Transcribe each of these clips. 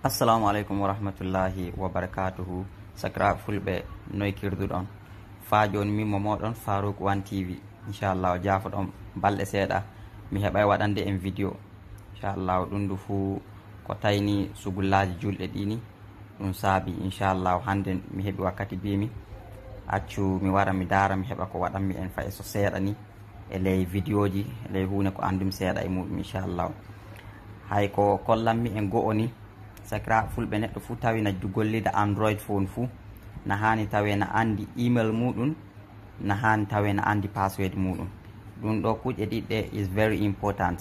assalamu aleykum wa rahmatullahi wa barakatuhu sakra fulɓe noykirduɗon faa jooni mimmo moɗon farouk wan tv inchallah o jaafoɗon balɗe seeɗa mi heɓay waɗande en vidéo inchallah ɗum du fuu ko tayni sugullaji julɗe ɗini ɗum saabi inchallah hannde mi heɓi wakkati bimi accu mi wara mi daara mi heɓa ko waɗanmi en fay e so seeɗa ni e ley vidéo ji e ley hunde ko anndumi seeɗa e muɗum inchallah hay ko kollanmi en go'o ni sakira fulɓe neɗɗo fuu tawi na gollida android phone fuu na hani tawe na andi email muɗum na hani tawe na andi password muɗum ɗum ɗo kuuƴe ɗiɗɗe is very important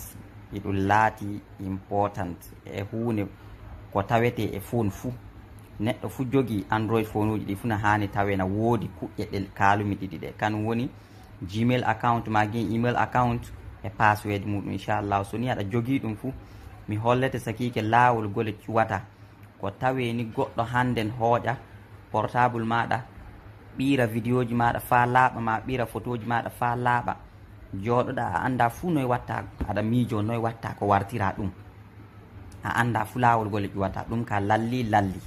iɗum laati important e hunde ko tawete e phone fuu neɗɗo fuu jogi android phone uji ɗi fuu na hani tawe na woodi kuƴƴe ɗe kalumi ɗiɗi ɗe kanum woni gmail account magi email account e password muɗum inchallahu so ni aɗa jogi ɗum fuu mi hollete sakiike laawol gole cuwata ko taweni goɗɗo hannden hooƴa portable maɗa ɓiira vidéo ji maɗa fa laaɓa ma ɓiira photo ji maɗa fa laaɓa jooɗoɗa a annda fuu noye watta aɗa miijo noye watta ko wartira ɗum a annda fuu laawol gole ƴuwata ɗum ka lalli lalli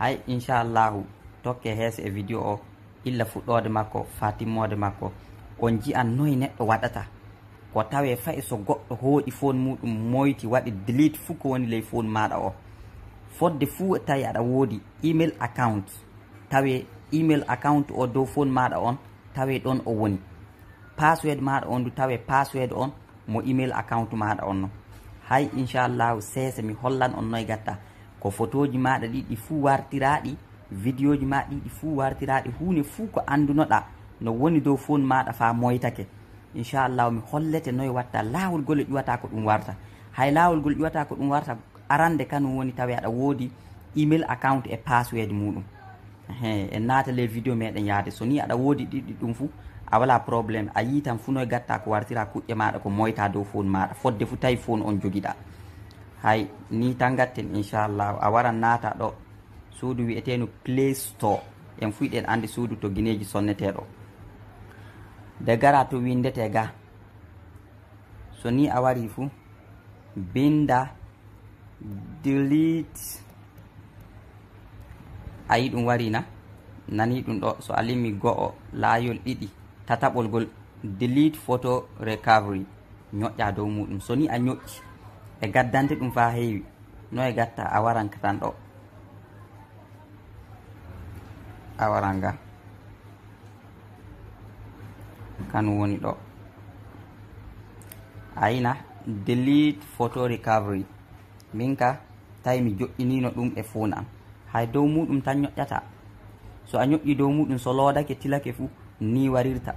hay inchallahu tokke heese e vidéo o illa fuɗɗode makko fa timmode makko on ji an noye neɗɗo waɗata ko tawe fayi so goɗɗo hooɗi phone muɗum moyti waɗi delite fuu ko woni ley phone maɗa o fodde fuu tawi aɗa woodi email account tawe email account o dow phone maɗa on tawe ɗon o woni passwed maɗa on du tawe passwed on mo email account maɗa on no hay inchallah seese mi hollan on noye gatta ko photoji maɗa ɗiɗi fuu wartiraɗi vidéo ji ma ɗiɗi fuu wartiraɗi hunde fuu ko andunoɗa no woni dow phone maɗa fa moytake inchallahu mi hollete noye watta laawol gole ƴuwata ko ɗum warta hay laawol gol ƴuwata ko ɗum warta arande kanum woni tawi aɗa woodi email account e passwad muɗum he en naata les vidéo meɗen yahde so ni aɗa woodi ɗiɗɗi ɗum fou a wala probléme a yii tan fu noye gatta ko wartira kuƴƴe maɗa ko moyta dow fone maɗa fodde fou tawi fone on joguiɗa hay ni tan gatten inchallahu a waran naata ɗo suudu wiyeteno play store en fuyɗen ande suudu to guineji sonneteɗo de gara to windete ga so ni a wari fu binda delete a yi ɗum wari na nani ɗum ɗo so a limi go'o layol ɗiɗi tataɓol ngol delete photo recovery ñoƴƴa dow muɗum so ni a ñoƴƴi e gaddante ɗum fa heewi no e gatta a waran katan ɗo a waran ga kanum woni ɗo ayina delite photo recovery min ka tawi mi joƴƴinino ɗum e fuuna am hay dow muɗum tan ñoƴƴata so a ñoƴƴi dow muɗum so loodake tilake fuu ni warirta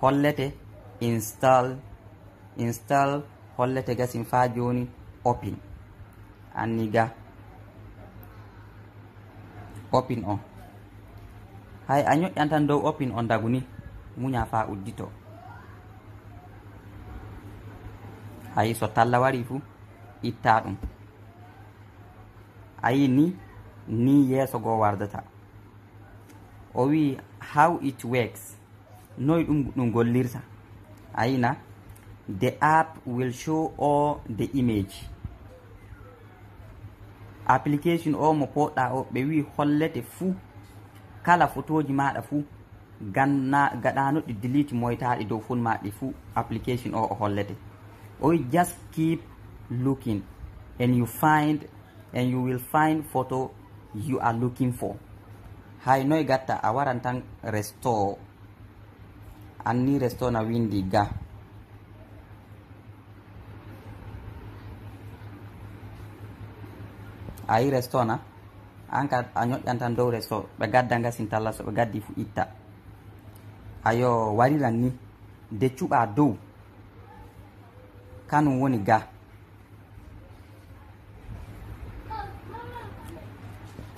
hollete install install hollete gasin faa jooni opin anni ga opin on hay a ñoƴƴan tan dow opin on dagu ni muña fa uddito ayi so talla wari fu itta ɗum ayi ni ni yeeso go wardata o wi how it works noy ɗum ɗum gollirta ayina the app will show all the image application o mo poɗɗa o ɓe wi hollete fuu kala photoji maɗa fuu ganna gaɗano ɗi deliti moytaɗi dow fun ma ɗi fuu application o o hollete o wi just keep looking and you find and you will find photo you are looking for hay noy gatta a waran tan restore anni restore na windi ga ayi restore na an ka a ñoƴƴantan dow restore ɓe gadda ga sintalla so ɓe gaddi fu itta ayo wariran ni de cuɓa dow kanum woni ga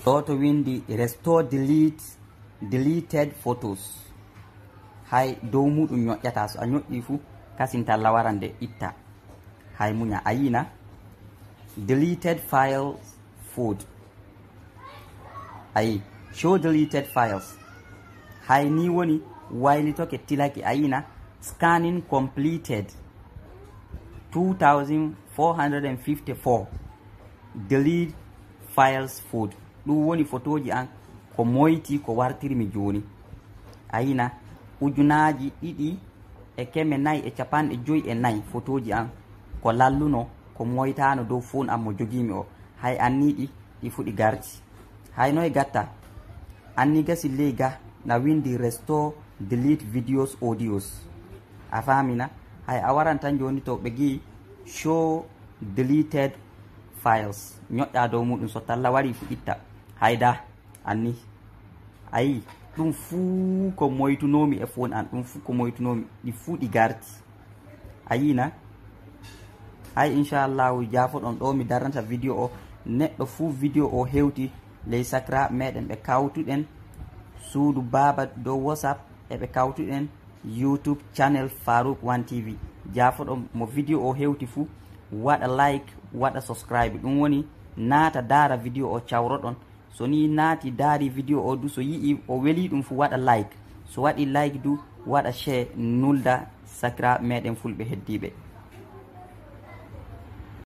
ɗo to windi restore delete deleted photos hay dow muɗum ñoƴƴata so a ñoƴƴi fu kasinta lawara nde itta hay muña a yina deleted file food ayi show deleted files hay ni woni waylitoke tilake ayina scanning completed 2454 delete files food ɗum woni photoji an ko moyti ko wartirimi joni ayina ujunaji ɗiɗi e keme nayyi e capanɗe joyi e nayyi photoji an ko lalluno ko moytano dow fone an mo jogimi o hay anniɗi ɗi fuɗi garti hay noye gatta anni gasi ley ga na windi restore delete videos audios a famina hay a waran tan joni to ɓe gi show deleted files ñoƴƴa dow muɗum so talla wari fu itta hayda anni ayi ɗum fuu ko moytunomi e fon an ɗum fuu ko moytunomi ɗi fuu ɗi garti ayina hay inchallahu jafoɗon ɗo mi darnata vidéo o neɗɗo fuu vidéo o hewti ley sacra meɗen ɓe kawtuɗen suudu baaba dow whatsapp eɓe kawtuɗen youtube channel farouk one tv jaafoɗo mo vidéo o hewti fuu waɗa like waɗa subscribe ɗum woni naata daara vidéo o cawroɗon so ni naati daari vidéo o du so yii o weeli ɗum fuu waɗa like so waɗi like du waɗa chai nulda sakira meɗen fulɓe heddiɓe